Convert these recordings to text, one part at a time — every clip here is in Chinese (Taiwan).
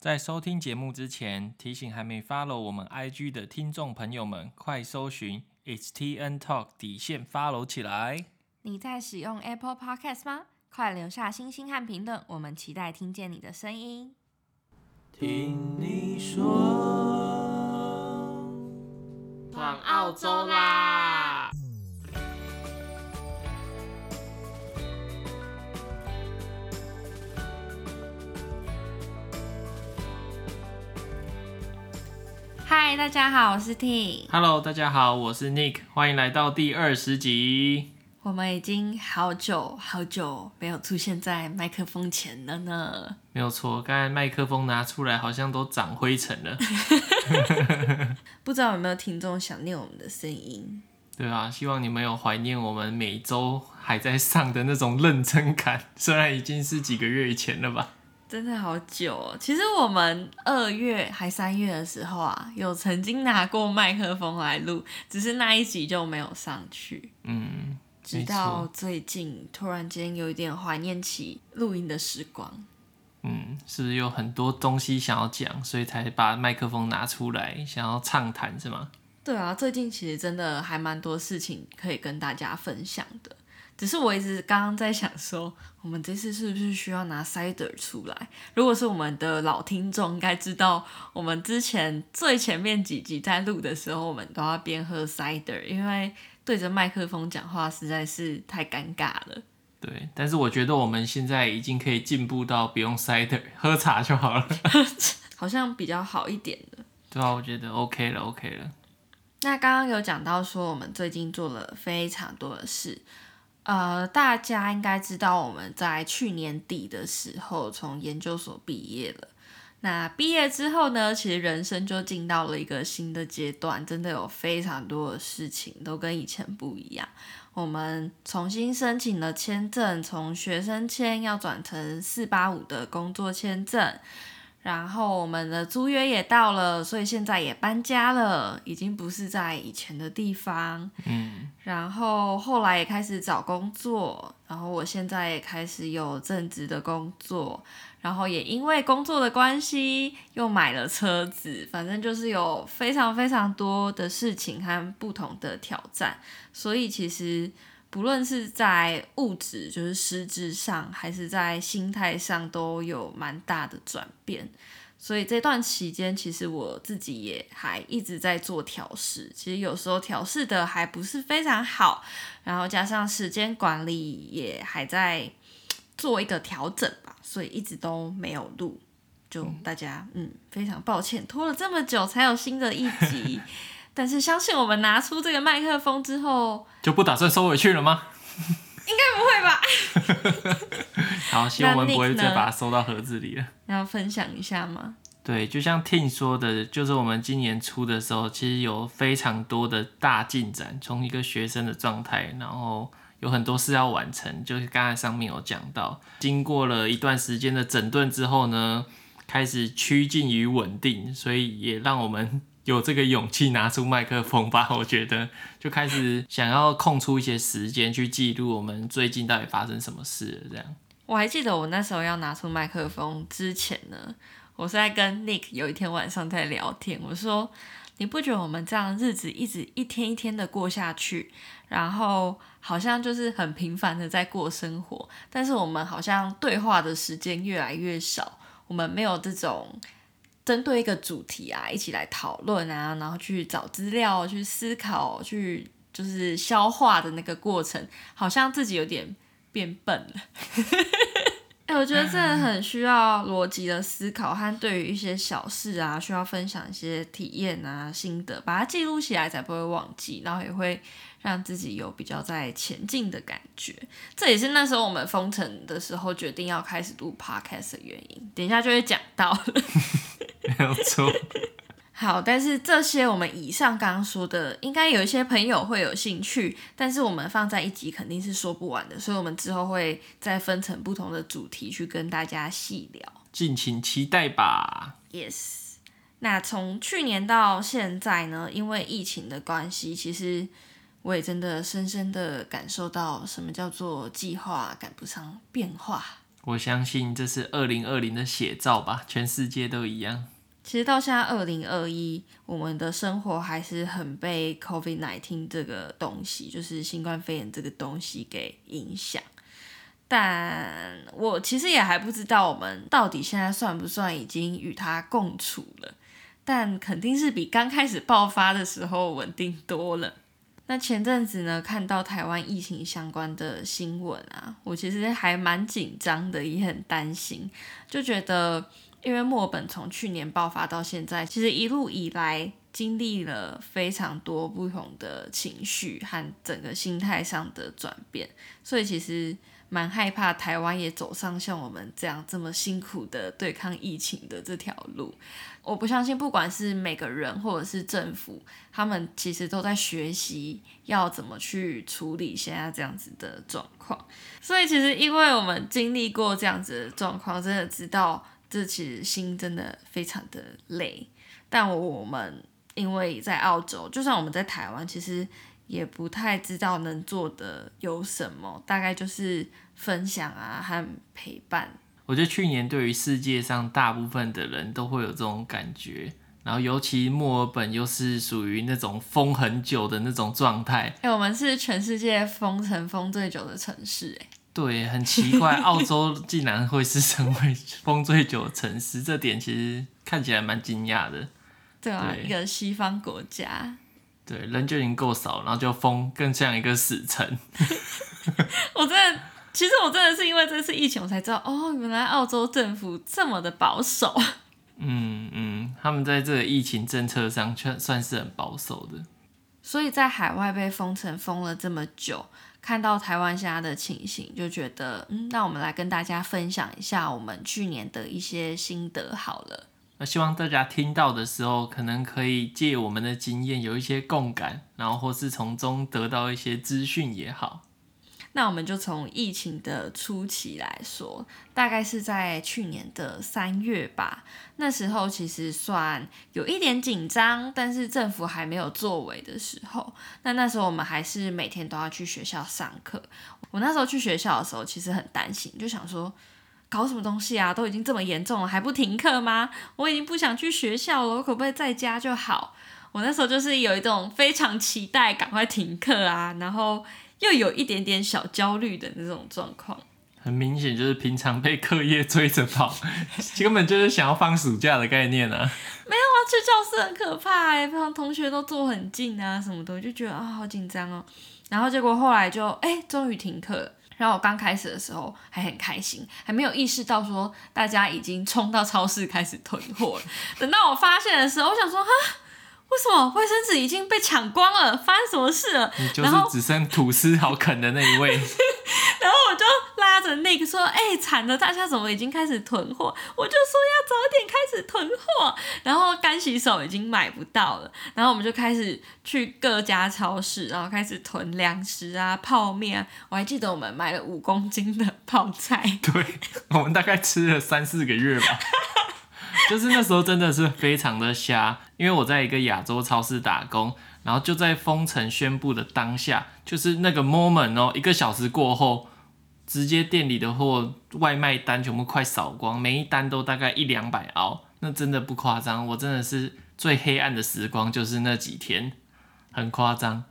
在收聽節目之前，提醒還沒 follow 我們 IG 的聽眾朋友們，快搜尋 itstntalk 底線 follow 起來。你在使用 Apple Podcast 嗎？快留下星星和評論，我們期待聽見你的聲音。聽你說，闖澳洲啦！嗨，Hi, 大家好，我是 Ting。Hello，大家好，我是 Nick。歡迎來到第二十集。我們已經好久好久沒有出現在麥克風前了呢。沒有錯，剛才麥克風拿出來，好像都長灰塵了。 不知道有沒有聽眾想念我們的聲音？對啊，希望你們有懷念我們每周還在上的那種認真感。雖然已經是幾個月以前了吧。真的好久哦，其實我們二月還三月的時候啊，有曾經拿過麥克風來錄，只是那一集就沒有上去。嗯，直到最近突然間有一點懷念起錄音的時光。嗯，是不是有很多東西想要講，所以才把麥克風拿出來，想要暢談是嗎？對啊，最近其實真的還蠻多事情可以跟大家分享的。只是我一直剛剛在想說，我們這次是不是需要拿 cider 出來？如果是我們的老聽眾，應該知道我們之前最前面幾集在錄的時候，我們都要邊喝 cider，因為對着麥克風講話實在是太尷尬了。對，但是我覺得我們現在已經可以進步到不用 cider，喝茶就好了， 好像比較好一點的。對啊，我覺得 OK 了，OK 了。那剛剛有講到說，我們最近做了非常多的事。呃，大家應該知道我們在去年底的時候從研究所畢業了。那畢業之後呢，其實人生就進到了一個新的階段，真的有非常多的事情都跟以前不一樣。我們重新申請了簽證，從學生簽要轉成四八五的工作簽證。然後我們的租約也到了，所以現在也搬家了，已經不是在以前的地方。嗯，然後後來也開始找工作，然後我現在也開始有正職的工作，然後也因為工作的關係又買了車子，反正就是有非常非常多的事情和不同的挑戰，所以其實。不論是在物質，就是實質上，還是在心態上，都有蠻大的轉變。所以這段期間，其實我自己也還一直在做調適。其實有時候調適的還不是非常好，然後加上時間管理也還在做一個調整吧，所以一直都沒有錄。就大家，嗯，非常抱歉，拖了這麼久才有新的一集。 但是相信我們拿出這個麥克風之後，就不打算收回去了嗎？ 應該不會吧。 好，希望我們不會再把它收到盒子裡了。要分享一下嗎？對，就像 Nick 說的，就是我們今年初的時候，其實有非常多的大進展，從一個學生的狀態，然後有很多事要完成，就是剛才上面有講到，經過了一段時間的整頓之後呢，開始趨近於穩定，所以也讓我們，有這個勇氣拿出麥克風吧，我覺得就開始想要空出一些時間去記錄我們最近到底發生什麼事這樣，我還記得我那時候要拿出麥克風之前呢，我是在跟 Nick 有一天晚上在聊天。我說：“你不覺得我們這樣日子一直一天一天的過下去，然後好像就是很平凡的在過生活，但是我們好像對話的時間越來越少，我們沒有這種。”針對一個主題啊，一起來討論啊，然後去找資料、去思考、去就是消化的那個過程，好像自己有點變笨了。哎、 欸，我覺得這很需要邏輯的思考，和對於一些小事啊，需要分享一些體驗啊、心得，把它記錄起來才不會忘記，然後也會讓自己有比較在前進的感覺。這也是那時候我們封城的時候決定要開始錄 podcast 的原因。等一下就會講到 沒有錯， 好，但是這些我們以上剛剛說的，應該有一些朋友會有興趣，但是我們放在一集肯定是說不完的，所以，我們之後會再分成不同的主題去跟大家細聊，敬請期待吧。Yes，那從去年到現在呢，因為疫情的關係，其實我也真的深深的感受到什麼叫做計劃趕不上變化。我相信這是二零二零的寫照吧，全世界都一樣。其實到現在二零二一，我們的生活還是很被 COVID-19 這個東西，就是新冠肺炎這個東西給影響。但我其實也還不知道我們到底現在算不算已經與它共處了，但肯定是比剛開始爆發的時候穩定多了。那前陣子呢，看到台灣疫情相關的新聞啊，我其實還蠻緊張的，也很擔心，就覺得。因為墨爾本從去年爆發到現在，其實一路以來經歷了非常多不同的情緒和整個心態上的轉變，所以其實蠻害怕台灣也走上像我們這樣這麼辛苦的對抗疫情的這條路。我不相信，不管是每個人或者是政府，他們其實都在學習要怎麼去處理現在這樣子的狀況。所以其實，因為我們經歷過這樣子的狀況，真的知道。這其實心真的非常的累，但我，我們因為在澳洲，就算我們在台灣，其實也不太知道能做的有什麼，大概就是分享啊和陪伴。我覺得去年對於世界上大部分的人都會有這種感覺，然後尤其墨爾本又是屬於那種封很久的那種狀態，哎、欸，我們是全世界封城封最久的城市，哎。對，很奇怪， 澳洲竟然會是成為封最久的城市，這點其實看起來蠻驚訝的。對啊，對一個西方國家，對人就已經夠少，然後就封更像一個死城。 我真的，其實我真的是因為這次疫情，我才知道，哦，原來澳洲政府這麼的保守。 嗯嗯，他們在這個疫情政策上，算算是很保守的。所以在海外被封城封了這麼久。看到台灣現在的情形，就覺得，嗯，那我們來跟大家分享一下我們去年的一些心得好了。那希望大家聽到的時候，可能可以借我們的經驗有一些共感，然後或是從中得到一些資訊也好。那我們就從疫情的初期來說，大概是在去年的三月吧。那時候其實算有一點緊張，但是政府還沒有作為的時候。那那時候我們還是每天都要去學校上課。我那時候去學校的時候，其實很擔心，就想說，搞什麼東西啊？都已經這麼嚴重了，還不停課嗎？我已經不想去學校了，我可不可以在家就好？我那時候就是有一種非常期待趕快停課啊，然後。又有一點點小焦慮的那種狀況，很明顯就是平常被課業追着跑，根本就是想要放暑假的概念啊。沒有啊，去教室很可怕哎、欸，平常同學都坐很近啊，什麼的就覺得啊、哦、好緊張哦。然後結果後來就哎終於停課了，然後我剛開始的時候還很開心，還沒有意識到說大家已經衝到超市開始囤貨了。 等到我發現的時候，我想說啊。為什麼衛生紙已經被搶光了？發生什麼事了？你就是只剩吐司好啃的那一位。 然後我就拉着 Nick 說：“哎、欸，慘了，大家怎麼已經開始囤貨？”我就說要早點開始囤貨。然後乾洗手已經買不到了，然後我們就開始去各家超市，然後開始囤糧食啊、泡麵啊。我還記得我們買了五公斤的泡菜，對，我們大概吃了三四個月吧。 就是那時候真的是非常的瞎。因為我在一個亞洲超市打工，然後就在封城宣布的當下，就是那個 moment 哦，一個小時過後，直接店裡的貨外賣單全部快掃光，每一單都大概一兩百澳，那真的不誇張。我真的是最黑暗的時光，就是那幾天，很誇張。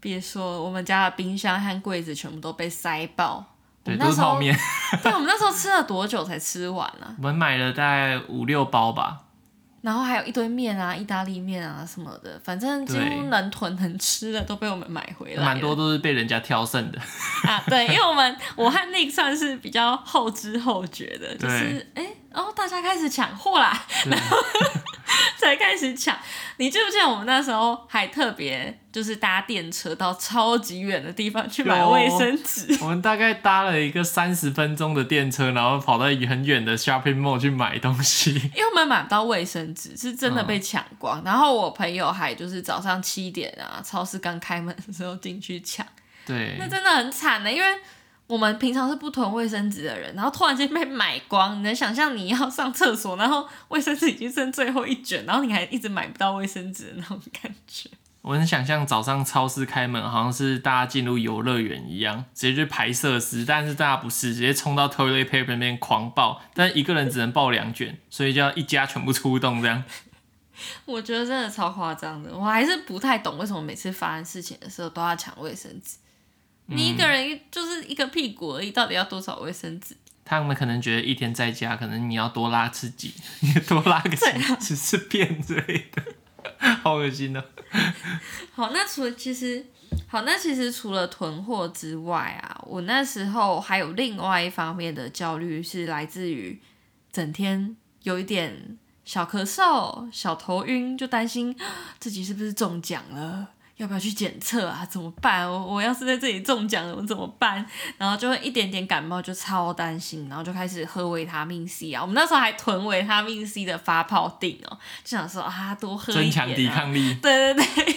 別說，我們家的冰箱和櫃子全部都被塞爆。對，都是泡面。 對，我們那時候吃了多久才吃完啊？我們買了大概五六包吧。然後還有一堆麵啊，意大利麵啊什麼的，反正幾乎能囤能吃的都被我們買回來了。蠻多都是被人家挑剩的 啊，對，因為我們我和那 i 算是比較後知後覺的，對就是哎，哦，大家開始搶貨啦，對然後。 才開始搶，你記不記得我們那時候還特別就是搭電車到超級遠的地方去買衛生紙？我們大概搭了一個三十分鐘的電車，然後跑到很遠的 shopping mall 去買東西，因為我們買不到衛生紙，是真的被搶光。嗯、然後我朋友還就是早上七點啊，超市剛開門的時候進去搶，對，那真的很慘呢、欸，因為。我們平常是不囤衛生紙的人，然後突然間被買光，你能想象你要上廁所，然後衛生紙已經剩最後一卷，然後你還一直買不到衛生紙的那種感覺？我很想象早上超市開門，好像是大家進入遊樂園一樣，直接去排設施，但是大家不是直接衝到 toilet paper 那邊狂爆，但一個人只能爆兩卷，所以就要一家全部出動這樣。 我覺得真的超誇張的，我還是不太懂為什麼每次發生事情的時候都要搶衛生紙。你一個人一就是一個屁股而已，到底要多少衛生紙？嗯，他們可能覺得一天在家，可能你要多拉自己，你多拉個屎，吃是便之類的，啊、好噁心呢、啊。好，那除其實，好，那其實除了囤貨之外啊，我那時候還有另外一方面的焦慮，是來自於整天有一點小咳嗽、小頭暈，就擔心自己是不是中獎了。要不要去檢測啊？怎麼辦？我我要是在這裡中獎了，我怎麼辦？然後就會一點點感冒，就超擔心，然後就開始喝維他命 C 啊。我們那時候還囤維他命 C 的發泡錠哦、喔，就想說啊，多喝一點啊，增強抵抗力。對對對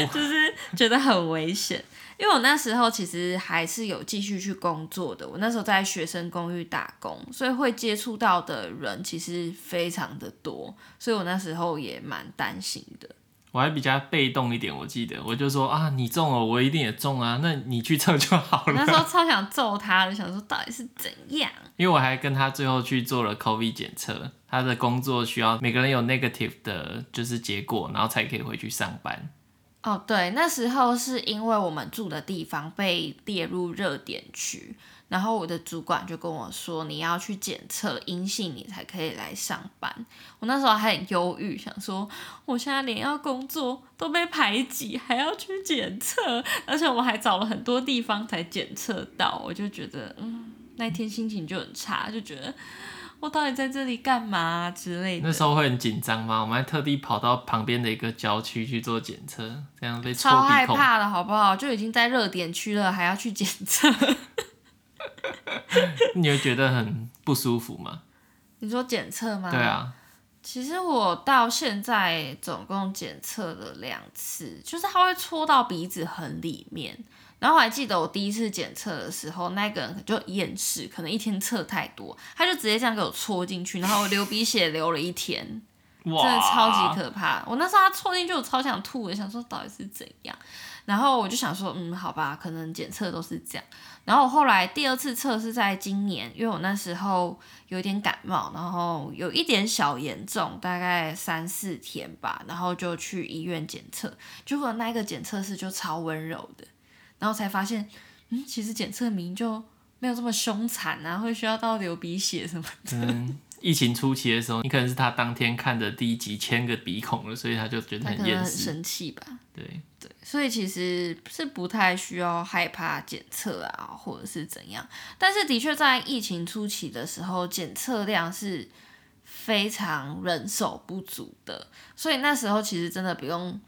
，oh. 就是覺得很危險。因為我那時候其實還是有繼續去工作的，我那時候在學生公寓打工，所以會接觸到的人其實非常的多，所以我那時候也蠻擔心的。我還比較被動一點，我記得我就說啊，你中了，我一定也中啊，那你去測就好了。那時候超想揍他，想說到底是怎樣？因為我還跟他最後去做了 COVID 檢測，他的工作需要每個人有 negative 的就是結果，然後才可以回去上班。哦，對，那時候是因為我們住的地方被列入熱點區。然後我的主管就跟我說：“你要去檢測陰性，你才可以來上班。”我那時候還很憂鬱，想說我現在連要工作都被排擠，還要去檢測，而且我們還找了很多地方才檢測到。我就覺得，嗯，那天心情就很差，就覺得我到底在這裡幹嘛啊，之類的。那時候會很緊張嗎？我們還特地跑到旁邊的一個郊區去做檢測，這樣被超害怕的，好不好？就已經在熱點區了，還要去檢測。 你有覺得很不舒服嗎？你說檢測嗎？對啊，其實我到現在總共檢測了兩次，就是他會戳到鼻子很裡面。然後我還記得我第一次檢測的時候，那個人就厭世，可能一天測太多，他就直接這樣給我戳進去，然後我流鼻血流了一天，真的超級可怕。哇我那時候他戳進去，我超想吐，我想說到底是怎樣。然後我就想說，嗯，好吧，可能檢測都是這樣。然後我後來第二次測試在今年，因為我那時候有點感冒，然後有一點小嚴重，大概三四天吧，然後就去醫院檢測，結果那一個檢測室就超溫柔的，然後才發現，嗯，其實檢測名就沒有這麼凶殘啊，會需要到流鼻血什麼的。嗯疫情初期的時候，你可能是他當天看的第幾千個鼻孔了，所以他就覺得很厭世，很生氣吧？對對，所以其實是不太需要害怕檢測啊，或者是怎樣。但是的確在疫情初期的時候，檢測量是非常人手不足的，所以那時候其實真的不用。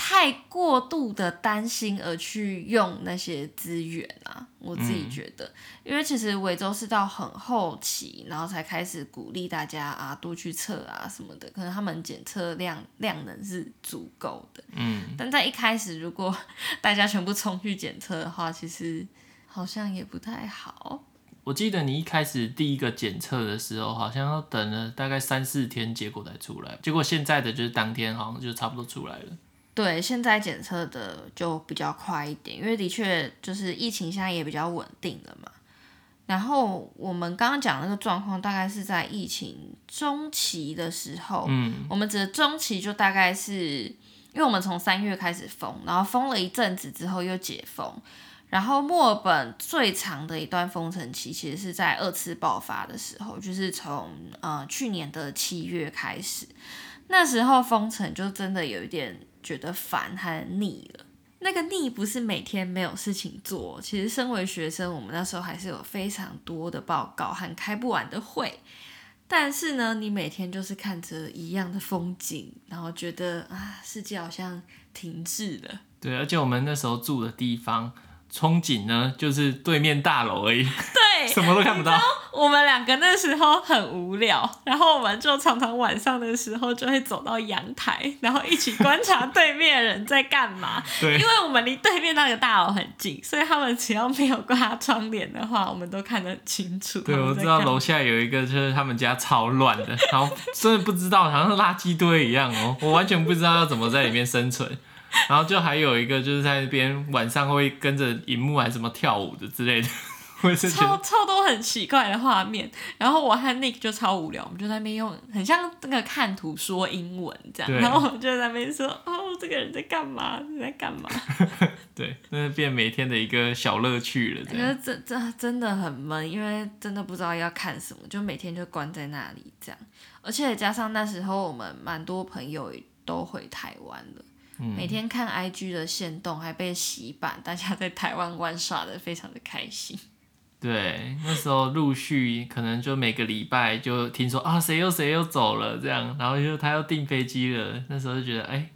太過度的擔心而去用那些資源啊，我自己覺得，嗯，因為其實維州是到很後期，然後才開始鼓勵大家啊多去測啊什麼的，可能他們檢測量量能是足夠的。嗯，但在一開始，如果大家全部衝去檢測的話，其實好像也不太好。我記得你一開始第一個檢測的時候，好像要等了大概三四天，結果才出來。結果現在的就是當天好像就差不多出來了。對，現在檢測的就比較快一點，因為的確就是疫情現在也比較穩定了嘛。然後我們剛剛講的那個狀況，大概是在疫情中期的時候，嗯，我們指的中期就大概是，因為我們從三月開始封，然後封了一陣子之後又解封，然後墨爾本最長的一段封城期其實是在二次爆發的時候，就是從呃去年的七月開始，那時候封城就真的有一點。覺得煩還膩了，那個膩不是每天沒有事情做，其實身為學生，我們那時候還是有非常多的報告和開不完的會，但是呢，你每天就是看着一樣的風景，然後覺得啊，世界好像停滯了。對，而且我們那時候住的地方，窗景呢就是對面大樓而已。 對什麼都看不到。我們兩個那時候很無聊，然後我們就常常晚上的時候就會走到陽台，然後一起觀察對面的人在幹嘛。 對，因為我們離對面那個大樓很近，所以他們只要沒有掛窗簾的話，我們都看得很清楚。對，我知道樓下有一個就是他們家超亂的，然後真的不知道 好像是垃圾堆一樣哦，我完全不知道要怎麼在裡面生存。然後就還有一個就是在那邊晚上會跟着熒幕還是什麼跳舞的之類的。超超多很奇怪的畫面，然後我和 Nick 就超無聊，我們就在那邊用很像那個看圖說英文這樣，對然後我們就在那邊說哦，這個人在幹嘛？你在幹嘛？ 對，那變每天的一個小樂趣了這樣。我覺得這這真的很悶，因為真的不知道要看什麼，就每天就關在那裡這樣，而且加上那時候我們蠻多朋友都回台灣了，嗯、每天看 IG 的限動還被洗版，大家在台灣玩耍得非常的開心。對，那時候陸續可能就每個禮拜就聽說啊，誰又誰又走了這樣，然後就他又訂飛機了。那時候就覺得，哎、欸，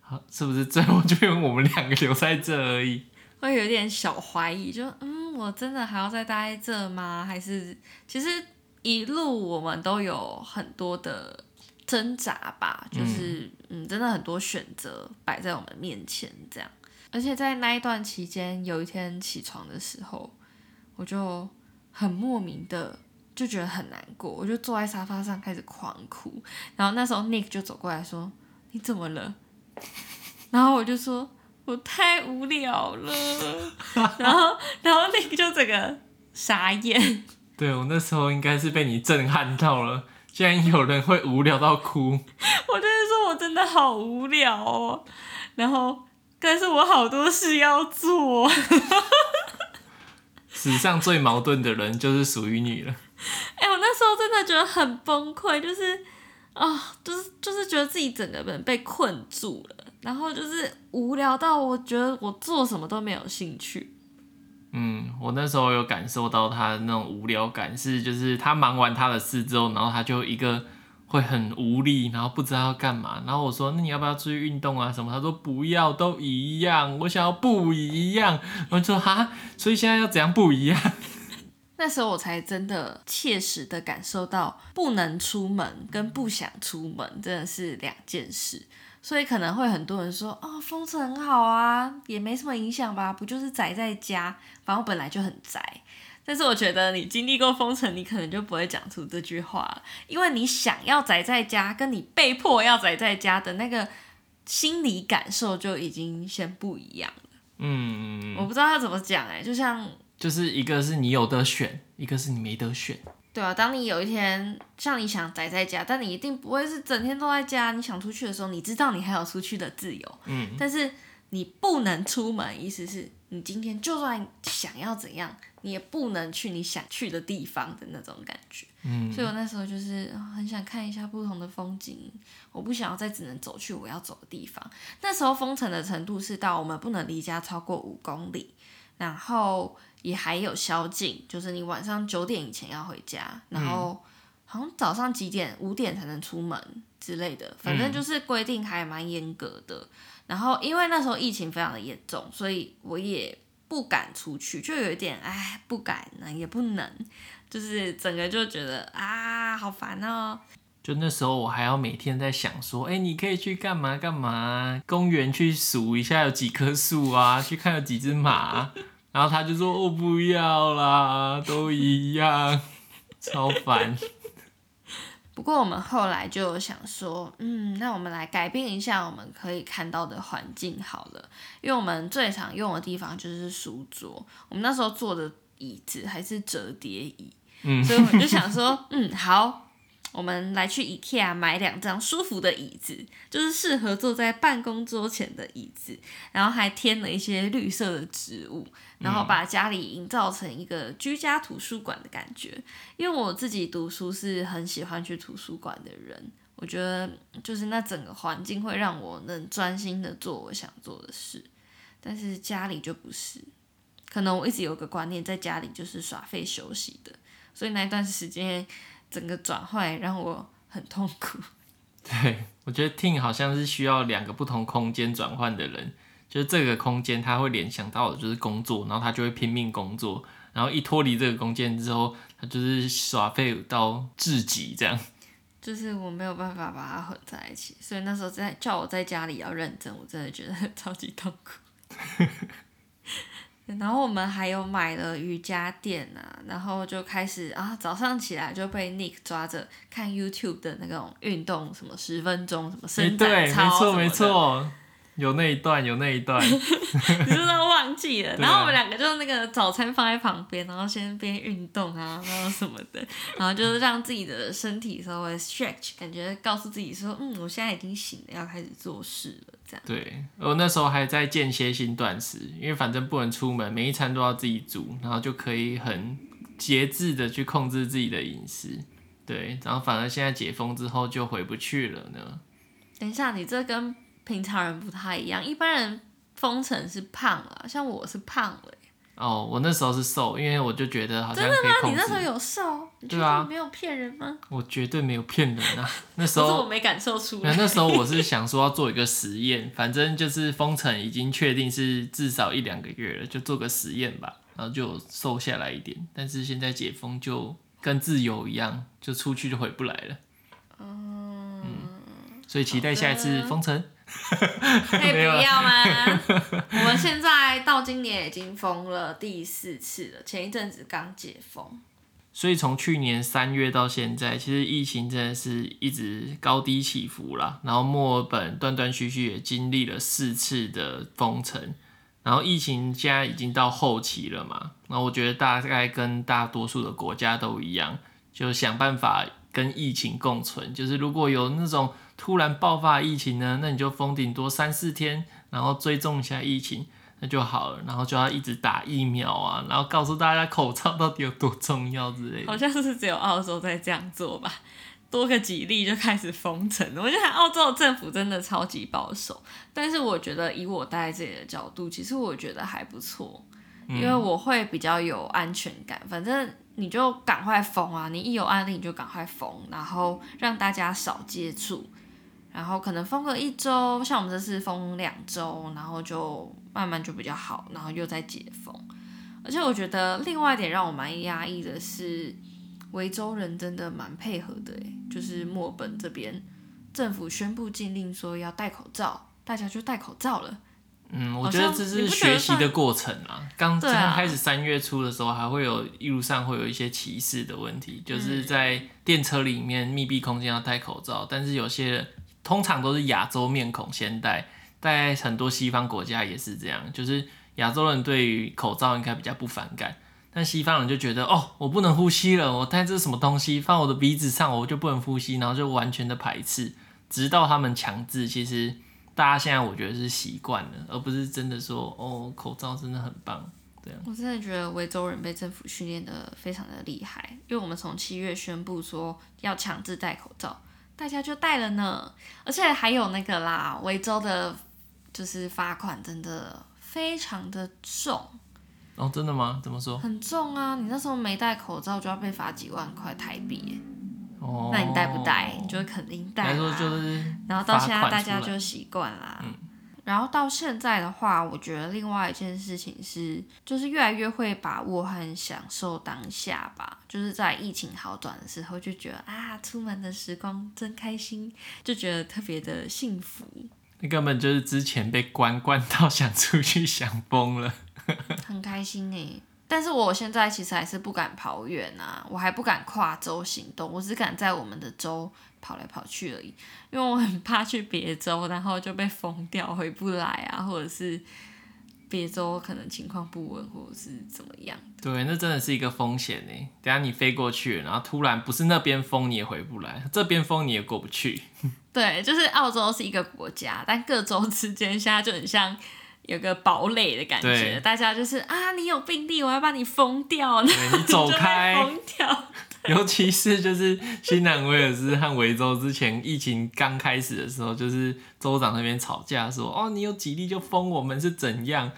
好，是不是最後就用我們兩個留在這而已？會有點小懷疑，就嗯，我真的還要再待在這嗎？還是其實一路我們都有很多的掙扎吧，就是嗯、嗯，真的很多選擇擺在我們面前這樣。而且在那一段期間，有一天起床的時候，我就很莫名的就覺得很難過，我就坐在沙發上開始狂哭。然後那時候 Nick 就走過來說：“你怎麼了？”然後我就說：“我太無聊了。” 然後，然後 Nick 就整個傻眼。對，我那時候應該是被你震撼到了，竟然有人會無聊到哭。我就是說我真的好無聊哦，然後但是我好多事要做。 史上最矛盾的人就是屬於你了。哎、 欸，我那時候真的覺得很崩潰，就是啊、哦，就是就是覺得自己整個人被困住了，然後就是無聊到我覺得我做什麼都沒有興趣。嗯，我那時候有感受到他的那種無聊感，是就是他忙完他的事之後，然後他就一個。會很無力，然後不知道要幹嘛。然後我說：“那你要不要出去運動啊什麼？”他說：“不要，都一樣。我想要不一樣。”然後說：“哈，所以現在要怎樣不一樣？”那時候我才真的切實的感受到，不能出門跟不想出門真的是兩件事。所以可能會很多人說：“哦，封城很好啊，也沒什麼影響吧？不就是宅在家？反正我本來就很宅。”但是我覺得你經歷過封城，你可能就不會講出這句話了，因為你想要宅在家，跟你被迫要宅在家的那個心理感受就已經先不一樣了。嗯，我不知道他怎麼講，哎，就像就是一個是你有得選，一個是你沒得選。對啊，當你有一天像你想宅在家，但你一定不會是整天都在家，你想出去的時候，你知道你還有出去的自由。嗯，但是你不能出門，意思是。你今天就算想要怎樣，你也不能去你想去的地方的那種感覺。嗯，所以我那時候就是很想看一下不同的風景，我不想要再只能走去我要走的地方。那時候封城的程度是到我們不能離家超過五公里，然後也還有宵禁，就是你晚上九點以前要回家，然後好像早上幾點，五點才能出門之類的，反正就是規定還蠻嚴格的。嗯。然後，因為那時候疫情非常的嚴重，所以我也不敢出去，就有一點哎，不敢呢，也不能，就是整個就覺得啊，好煩哦。就那時候我還要每天在想說，哎，你可以去幹嘛幹嘛，公園去數一下有幾棵樹啊，去看有幾隻馬，然後他就說，我、哦、不要啦，都一樣，超煩。不過我們後來就想說，嗯，那我們來改變一下我們可以看到的環境好了，因為我們最常用的地方就是書桌，我們那時候坐的椅子還是折疊椅，嗯、所以我就想說， 嗯，好。我們來去 IKEA 買兩張舒服的椅子，就是適合坐在辦公桌前的椅子，然後還添了一些綠色的植物，然後把家裡營造成一個居家圖書館的感覺。嗯、因為我自己讀書是很喜歡去圖書館的人，我覺得就是那整個環境會讓我能專心的做我想做的事，但是家裡就不是。可能我一直有個觀念，在家裡就是耍廢休息的，所以那段時間。整個轉換讓我很痛苦。對，我覺得 Ting 好像是需要兩個不同空間轉換的人，就是這個空間他會聯想到我就是工作，然後他就會拼命工作，然後一脫離這個空間之後，他就是耍廢到至極這樣。就是我沒有辦法把它混在一起，所以那時候在叫我在家裡要認真，我真的覺得超級痛苦。 然後我們還有買了瑜伽墊啊，然後就開始啊，早上起來就被 Nick 抓着看 YouTube 的那種運動，什麼十分鐘什麼伸展操什麼有那一段，有那一段， 你是不是都忘記了？ 啊，然後我們兩個就那個早餐放在旁邊，然後先邊運動啊，然後什麼的，然後就是讓自己的身體稍微 stretch，感覺告訴自己說，嗯，我現在已經醒了，要開始做事了，這樣。對，我那時候還在間歇性斷食，因為反正不能出門，每一餐都要自己煮，然後就可以很節制的去控制自己的飲食。對，然後反而現在解封之後就回不去了呢。等一下，你這跟平常人不太一樣，一般人封城是胖啊，像我是胖了。哦，oh, 我那時候是瘦，因為我就覺得好像可以控制。真的嗎？你那時候有瘦？對啊，你覺得沒有騙人嗎？我絕對沒有騙人啊，那時候 是我沒感受出來。那時候我是想說要做一個實驗， 反正就是封城已經確定是至少一兩個月了，就做個實驗吧，然後就瘦下來一點。但是現在解封就跟自由一樣，就出去就回不來了。嗯、uh。所以期待下一次封城，可以不要嗎？ 我們現在到今年已經封了第四次了，前一陣子剛解封。所以從去年三月到現在，其實疫情真的是一直高低起伏啦。然後墨爾本斷斷續續也經歷了四次的封城，然後疫情現在已經到後期了嘛？那我覺得大概跟大多數的國家都一樣，就想辦法跟疫情共存，就是如果有那種。突然爆發疫情呢，那你就封頂多三四天，然後追蹤一下疫情，那就好了。然後就要一直打疫苗啊，然後告訴大家口罩到底有多重要之類的。好像是只有澳洲在這樣做吧，多個幾例就開始封城了。我覺得澳洲政府真的超級保守，但是我覺得以我待在自己的角度，其實我覺得還不錯，因為我會比較有安全感。反正你就趕快封啊，你一有案例你就趕快封，然後讓大家少接觸。然後可能封個一周，像我們這次封兩周，然後就慢慢就比較好，然後又再解封。而且我覺得另外一點讓我蠻壓抑的是，維州人真的蠻配合的，就是墨爾本這邊，政府宣布禁令說要戴口罩，大家就戴口罩了。嗯，我覺得這是學習的過程啦。剛剛開始三月初的時候，還會有一路上會有一些歧視的問題，嗯、就是在電車裡面密閉空間要戴口罩，但是有些人。通常都是亞洲面孔先戴，在很多西方國家也是這樣，就是亞洲人對於口罩應該比較不反感，但西方人就覺得哦，我不能呼吸了，我戴這什麼東西，放我的鼻子上，我就不能呼吸，然後就完全的排斥，直到他們強制，其實大家現在我覺得是習慣了，而不是真的說哦，口罩真的很棒，對啊。我真的覺得維州人被政府訓練得非常的厲害，因為我們從七月宣布說要強制戴口罩。大家就戴了呢，而且還有那個啦，維州的，就是罰款真的非常的重。哦，真的嗎？怎麼說？很重啊！你那時候沒戴口罩，就要被罰幾萬塊台幣。哦。那你戴不戴？你就會肯定戴啊。還說就是。然後到現在，大家就習慣啦。嗯。然後到現在的話，我覺得另外一件事情是，就是越來越會把握和享受當下吧。就是在疫情好轉的時候，就覺得啊，出門的時光真開心，就覺得特別的幸福。你根本就是之前被關關到想出去想瘋了， 很開心誒。但是我現在其實還是不敢跑遠啊，我還不敢跨州行動，我只敢在我們的州，跑來跑去而已，因為我很怕去別州，然後就被封掉，回不來啊，或者是別州可能情況不穩，或者是怎麼樣。對，那真的是一個風險呢。等下你飛過去，然後突然不是那邊封你也回不來，這邊封你也過不去。 對，就是澳洲是一個國家，但各州之間現在就很像有個堡壘的感覺，對大家就是啊，你有病例，我要把你封掉，對那你，你走開。尤其是就是新南威爾士和維州之前疫情剛開始的時候，就是州長那邊吵架說：“哦，你有幾例就封我們是怎樣？”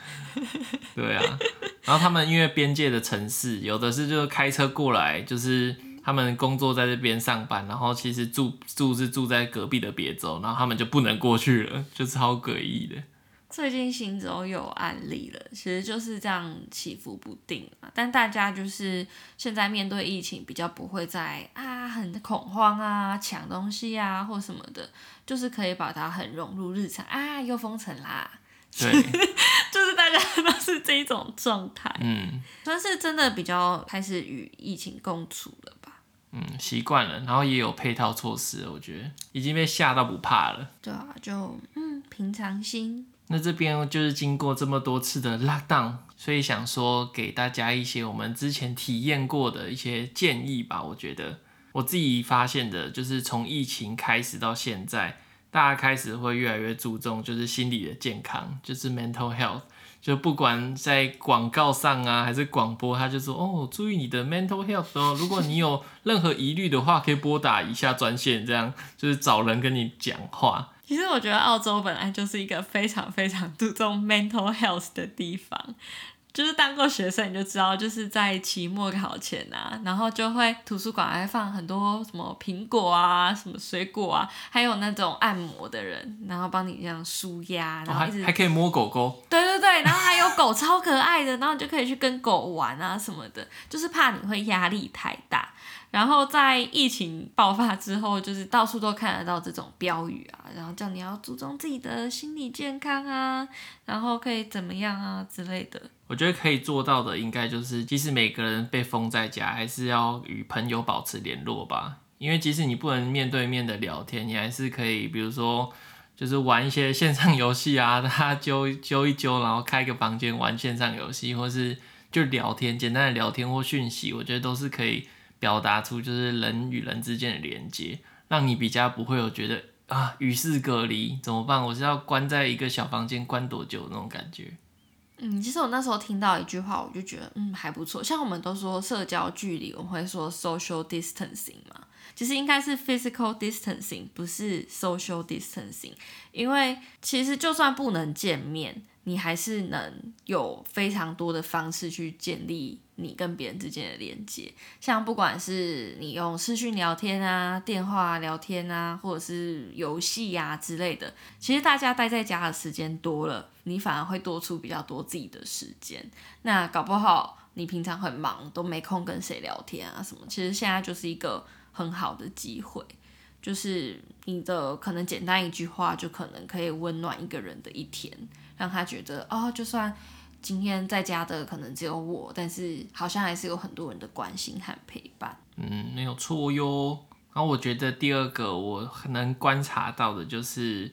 對啊，然後他們因為邊界的城市，有的是就是開車過來，就是他們工作在這邊上班，然後其實住住是住在隔壁的別州，然後他們就不能過去了，就超詭異的。最近新州有案例了，其實就是這樣起伏不定嘛。但大家就是現在面對疫情，比較不會再啊很恐慌啊搶東西啊或什麼的，就是可以把它很融入日常啊。又封城啦，對， 就是大家都是這一種狀態。嗯，算是真的比較開始與疫情共處了吧。嗯，習慣了，然後也有配套措施，我覺得已經被嚇到不怕了。對啊，就嗯平常心。那這邊就是經過這麼多次的 lockdown，所以想說給大家一些我們之前體驗過的一些建議吧。我覺得我自己發現的就是，從疫情開始到現在，大家開始會越來越注重就是心理的健康，就是 mental health。就不管在廣告上啊，還是廣播，他就說哦，注意你的 mental health 哦。如果你有任何疑慮的話，可以撥打一下專線，這樣就是找人跟你講話。其實我覺得澳洲本來就是一個非常非常注重 mental health 的地方。就是當過學生你就知道，就是在期末考前吶、啊，然後就會圖書館還放很多什麼蘋果啊、什麼水果啊，還有那種按摩的人，然後幫你這樣舒壓，然後、哦、還還可以摸狗狗。對對對，然後還有狗超可愛的，然後就可以去跟狗玩啊什麼的，就是怕你會壓力太大。然後在疫情爆發之後，就是到處都看得到這種標語啊，然後叫你要注重自己的心理健康啊，然後可以怎麼樣啊之類的。我覺得可以做到的，應該就是，即使每個人被封在家，還是要與朋友保持聯絡吧。因為即使你不能面對面的聊天，你還是可以，比如說，就是玩一些線上遊戲啊，大家揪揪一揪，然後開個房間玩線上遊戲，或是就聊天，簡單的聊天或訊息，我覺得都是可以表達出就是人與人之間的連接，讓你比較不會有覺得啊，與世隔離怎麼辦？我是要關在一個小房間關多久那種感覺。嗯，其實我那時候聽到一句話，我就覺得，嗯，還不錯。像我們都說社交距離，我們會說 social distancing 嘛，其實應該是 physical distancing，不是 social distancing。因為其實就算不能見面，你還是能有非常多的方式去建立你跟別人之間的連接。嗯、像不管是你用視訊聊天啊、電話聊天啊，或者是遊戲呀、啊、之類的，其實大家待在家的時間多了。你反而會多出比較多自己的時間，那搞不好你平常很忙都沒空跟誰聊天啊什麼。其實現在就是一個很好的機會，就是你的可能簡單一句話就可能可以溫暖一個人的一天，讓他覺得哦，就算今天在家的可能只有我，但是好像還是有很多人的關心和陪伴。嗯，沒有錯喲。然後我覺得第二個我可能觀察到的就是。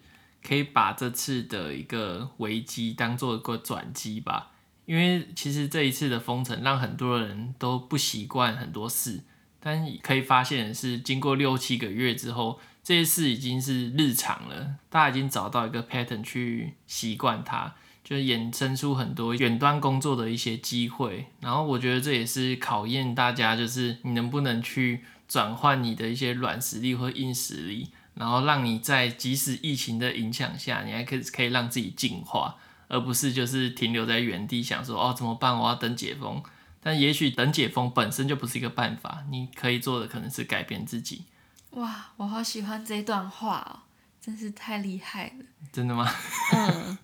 可以把這次的一個危機當做一個轉機吧，因為其實這一次的封城讓很多人都不習慣很多事，但可以發現的是經過六七個月之後，這些事已經是日常了，大家已經找到一個 pattern 去習慣它，就衍生出很多遠端工作的一些機會，然後我覺得這也是考驗大家，就是你能不能去轉換你的一些軟實力或硬實力。然後讓你在即使疫情的影響下，你還可以可以讓自己進化，而不是就是停留在原地，想說哦怎麼辦？我要等解封。但也許等解封本身就不是一個辦法，你可以做的可能是改變自己。哇，我好喜歡這段話哦，真是太厲害了！真的嗎？ 嗯，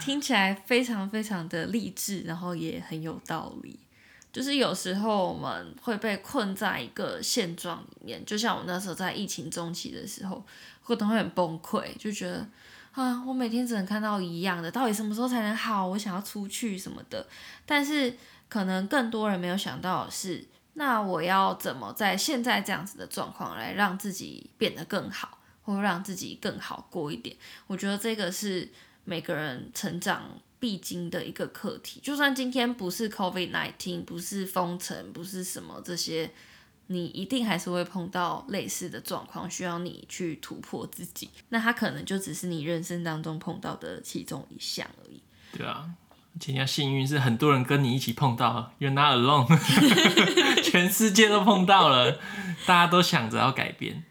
聽起來非常非常的勵志，然後也很有道理。就是有時候我們會被困在一個現狀裡面，就像我那時候在疫情中期的時候，會都會很崩潰，就覺得啊，我每天只能看到一樣的，到底什麼時候才能好？我想要出去什麼的。但是可能更多人沒有想到的是，那我要怎麼在現在這樣子的狀況來讓自己變得更好，或讓自己更好過一點？我覺得這個是每個人成長。必經的一個課題，就算今天不是 COVID-19，不是封城，不是什麼這些，你一定還是會碰到類似的狀況，需要你去突破自己。那它可能就只是你人生當中碰到的其中一項而已。對啊，今天幸運是很多人跟你一起碰到，You're not alone， 全世界都碰到了， 大家都想着要改變。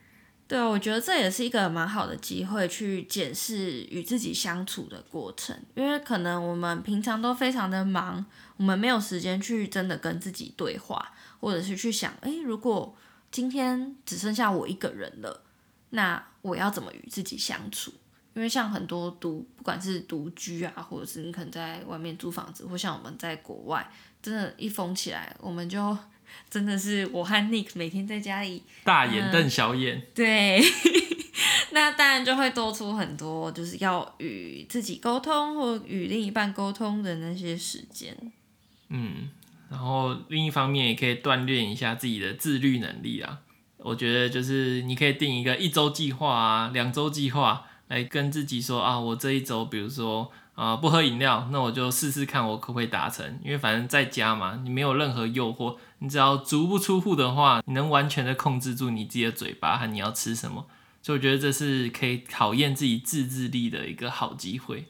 對啊，我覺得這也是一個蠻好的機會去檢視與自己相處的過程，因為可能我們平常都非常的忙，我們沒有時間去真的跟自己對話，或者是去想，哎，如果今天只剩下我一個人了，那我要怎麼與自己相處？因為像很多獨，不管是獨居啊，或者是你可能在外面租房子，或像我們在國外，真的一封起來，我們就。真的是我和 Nick 每天在家裡大眼瞪小眼，嗯、對， 那當然就會多出很多，就是要與自己溝通或與另一半溝通的那些時間。嗯，然後另一方面也可以鍛煉一下自己的自律能力啊。我覺得就是你可以定一個一周計劃啊，兩周計劃來跟自己說啊，我這一周比如說。啊、呃，不喝飲料，那我就試試看我可不可以達成。因為反正在家嘛，你沒有任何誘惑，你只要足不出戶的話，你能完全的控制住你自己的嘴巴和你要吃什麼。所以我覺得這是可以考驗自己自制力的一個好機會。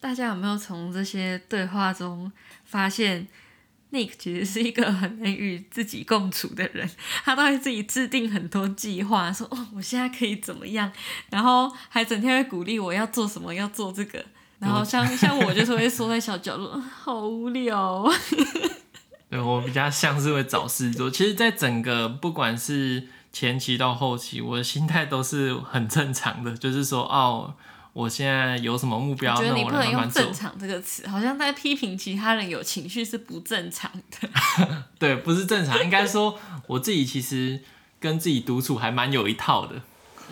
大家有沒有從這些對話中發現，Nick 其實是一個很能與自己共處的人？他都會自己制定很多計劃，說哦，我現在可以怎麼樣？然後還整天會鼓勵我要做什麼，要做這個。然後像像，我就是會縮在小角落，好無聊哦。 對，我比較像是會找事做。其實，在整個不管是前期到後期，我的心態都是很正常的，就是說，哦，我現在有什麼目標，那我能慢慢做。感覺，你不能用正常這個詞，好像在批評其他人有情緒是不正常的。 對，不是正常，應該說我自己其實跟自己獨處還蠻有一套的。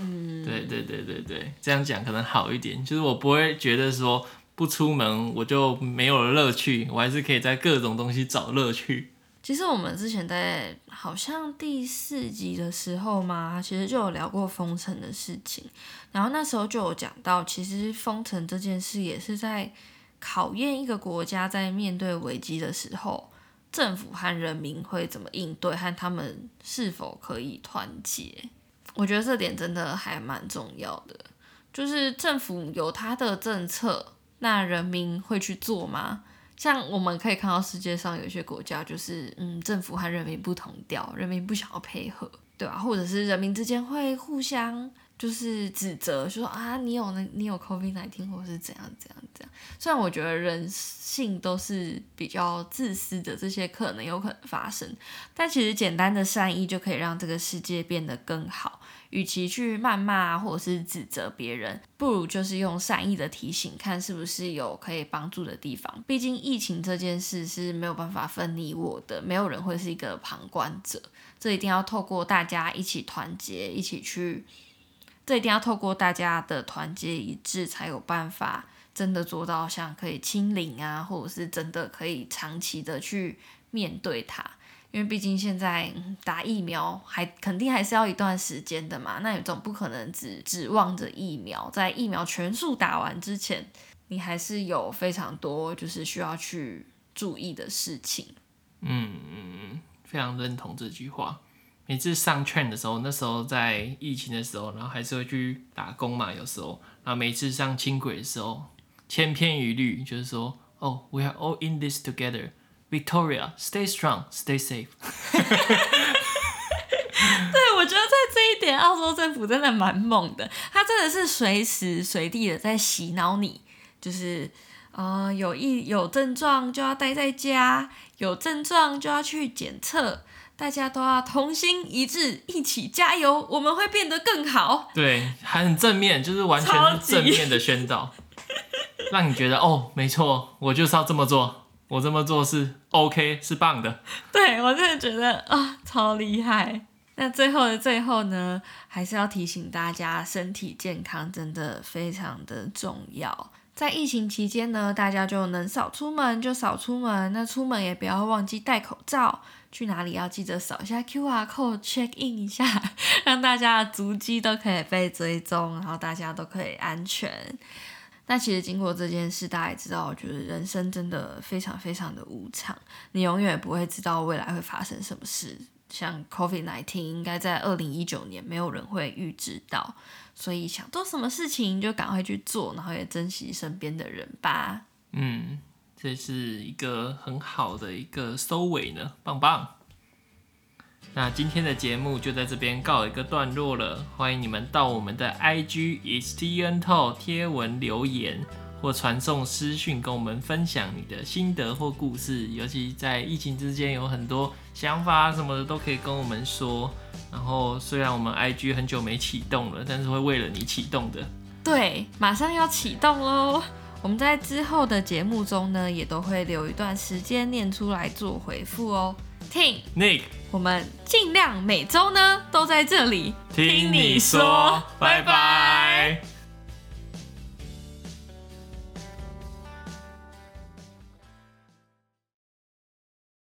嗯，對對對對對，這樣講可能好一點。就是我不會覺得說不出門我就沒有了樂趣，我還是可以在各種東西找樂趣。其實我們之前在好像第四集的時候嘛，其實就有聊過封城的事情。然後那時候就有講到，其實封城這件事也是在考驗一個國家在面對危機的時候，政府和人民會怎麼應對，和他們是否可以團結。我覺得這點真的還蠻重要的，就是政府有他的政策，那人民會去做嗎？像我們可以看到世界上有一些國家，就是嗯，政府和人民不同調，人民不想要配合，對吧、啊？或者是人民之間會互相就是指責，說啊，你有你有 COVID-19，或是怎樣怎樣怎樣。雖然我覺得人性都是比較自私的，這些可能有可能發生，但其實簡單的善意就可以讓這個世界變得更好。與其去謾罵或者是指責別人，不如就是用善意的提醒，看是不是有可以幫助的地方。畢竟疫情這件事是沒有辦法分你我的，沒有人會是一個旁觀者。這一定要透過大家一起團結，一起去。這一定要透過大家的團結一致，才有辦法真的做到像可以清零啊，或者是真的可以長期的去面對它。因為畢竟現在打疫苗還肯定還是要一段時間的嘛，那也總不可能只指望着疫苗，在疫苗全數打完之前，你還是有非常多就是需要去注意的事情。嗯嗯嗯，非常認同這句話。每次上 train 的時候，那時候在疫情的時候，然後還是會去打工嘛，有時候，然後每次上輕軌的時候，千篇一律就是說，哦，oh，we are all in this together。Victoria，stay strong，stay safe 。 對，我覺得在這一點，澳洲政府真的蠻猛的。他真的是隨時隨地的在洗腦你，就是啊、呃，有一有症狀就要待在家，有症狀就要去檢測。大家都要同心一致，一起加油，我們會變得更好。對，還很正面，就是完全正面的宣導，超級 讓你覺得哦，沒錯，我就是要這麼做。我這麼做是 OK，是棒的。對，我真的覺得啊、哦，超厲害。那最後的最後呢，還是要提醒大家，身體健康真的非常的重要。在疫情期間呢，大家就能少出門就少出門，那出門也不要忘記戴口罩。去哪裡要記得掃一下 QR code check in 一下，讓大家的足跡都可以被追蹤，然後大家都可以安全。那其實經過這件事，大家也知道，我覺得人生真的非常非常的無常，你永遠不會知道未來會發生什麼事。像 COVID-19 應該在二零一九年，沒有人會預知到，所以想做什麼事情就趕快去做，然後也珍惜身邊的人吧。嗯，這是一個很好的一個收尾呢，棒棒。那今天的節目就在這邊告一個段落了，歡迎你們到我們的 IG itstntalk 貼文留言或傳送私訊，跟我們分享你的心得或故事。尤其在疫情之間，有很多想法什麼的都可以跟我們說。然後雖然我們 IG 很久沒啟動了，但是會為了你啟動的。對，馬上要啟動嘍！我們在之後的節目中呢，也都會留一段時間念出來做回復哦、喔。Ting，Nick，我們盡量每周呢，都在這裡聽你說，聽你說，拜拜。拜拜。